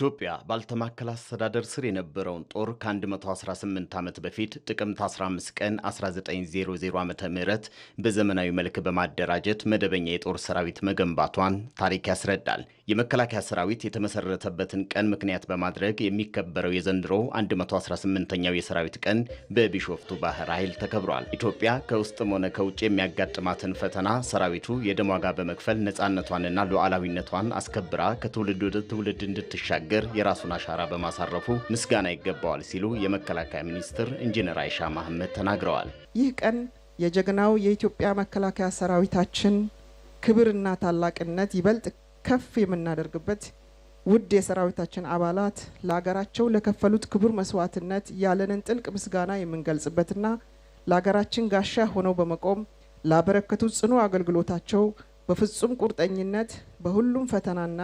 ኢትዮጵያ ባልተማከለ አስተዳደር ስር የነበረውን ጦር ከ118 ዓመት በፊት ጥቅምት 15 ቀን 1900 ዓ ም በዘመናዊ መልክ በማደራጀት መደበኛ የጦር ሰራዊት መገንባቷን ታሪክ ያስረዳል። የመከላከያ ሰራዊት የተመሰረተበትን ቀን ምክንያት በማድረግ የሚከበረው የዘንድሮ 118ኛው የሰራዊት ቀን በቢሾፍቱ ባህር ኃይል ተከብሯል። ኢትዮጵያ ከውስጥም ሆነ ከውጭ የሚያጋጥማትን ፈተና ሰራዊቱ የደም ዋጋ በመክፈል ነፃነቷንና ሉዓላዊነቷን አስከብራ ከትውልድ ወደ ትውልድ እንድትሻገር ባሻገር የራሱን አሻራ በማሳረፉ ምስጋና ይገባዋል ሲሉ የመከላከያ ሚኒስትር ኢንጂነር አይሻ መሐመድ ተናግረዋል። ይህ ቀን የጀግናው የኢትዮጵያ መከላከያ ሰራዊታችን ክብርና ታላቅነት ይበልጥ ከፍ የምናደርግበት ውድ የሰራዊታችን አባላት ለሀገራቸው ለከፈሉት ክቡር መስዋዕትነት ያለንን ጥልቅ ምስጋና የምንገልጽበትና ለሀገራችን ጋሻ ሆነው በመቆም ላበረከቱት ጽኑ አገልግሎታቸው በፍጹም ቁርጠኝነት በሁሉም ፈተናና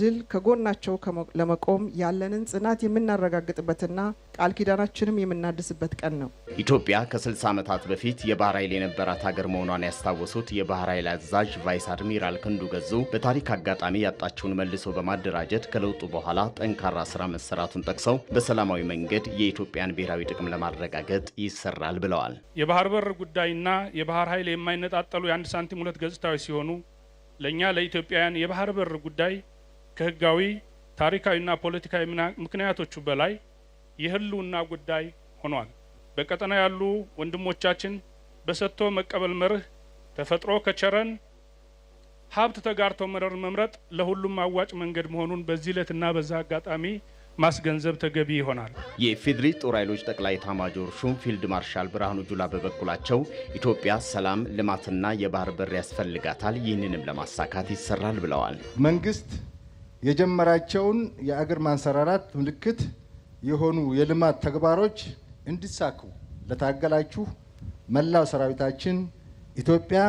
ድል ከጎናቸው ለመቆም ያለንን ጽናት የምናረጋግጥበትና ቃል ኪዳናችንም የምናድስበት ቀን ነው። ኢትዮጵያ ከ60 ዓመታት በፊት የባህር ኃይል የነበራት ሀገር መሆኗን ያስታወሱት የባህር ኃይል አዛዥ ቫይስ አድሚራል ክንዱ ገዙ በታሪክ አጋጣሚ ያጣችውን መልሶ በማደራጀት ከለውጡ በኋላ ጠንካራ ስራ መሰራቱን ጠቅሰው በሰላማዊ መንገድ የኢትዮጵያን ብሔራዊ ጥቅም ለማረጋገጥ ይሰራል ብለዋል። የባህር በር ጉዳይና የባህር ኃይል የማይነጣጠሉ የአንድ ሳንቲም ሁለት ገጽታዎች ሲሆኑ ለእኛ ለኢትዮጵያውያን የባህር በር ጉዳይ ከህጋዊ ታሪካዊና ፖለቲካዊ ምክንያቶቹ በላይ የህልውና ጉዳይ ሆኗል። በቀጠና ያሉ ወንድሞቻችን በሰጥቶ መቀበል መርህ ተፈጥሮ ከቸረን ሀብት ተጋርቶ መረር መምረጥ ለሁሉም አዋጭ መንገድ መሆኑን በዚህ ዕለትና በዛ አጋጣሚ ማስገንዘብ ተገቢ ይሆናል። የኢፌዴሪ ጦር ኃይሎች ጠቅላይ ኤታማዦር ሹም ፊልድ ማርሻል ብርሃኑ ጁላ በበኩላቸው ኢትዮጵያ ሰላም፣ ልማትና የባህር በር ያስፈልጋታል፣ ይህንንም ለማሳካት ይሰራል ብለዋል። መንግስት የጀመራቸውን የአገር ማንሰራራት ምልክት የሆኑ የልማት ተግባሮች እንዲሳኩ ለታገላችሁ መላው ሰራዊታችን ኢትዮጵያ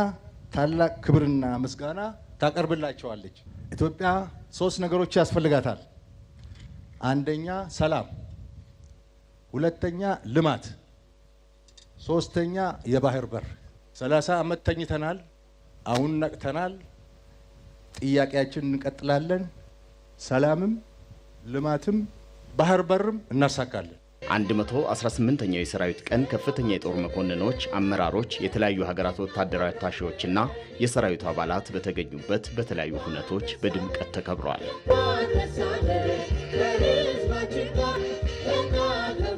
ታላቅ ክብርና ምስጋና ታቀርብላቸዋለች። ኢትዮጵያ ሶስት ነገሮች ያስፈልጋታል። አንደኛ ሰላም፣ ሁለተኛ ልማት፣ ሶስተኛ የባህር በር። ሰላሳ ዓመት ተኝተናል። አሁን ነቅተናል። ጥያቄያችን እንቀጥላለን። ሰላምም ልማትም ባህር በርም እናሳካለን። 118ኛው የሰራዊት ቀን ከፍተኛ የጦር መኮንኖች፣ አመራሮች፣ የተለያዩ ሀገራት ወታደራዊ አታሺዎችና የሰራዊቱ አባላት በተገኙበት በተለያዩ ሁነቶች በድምቀት ተከብረዋል።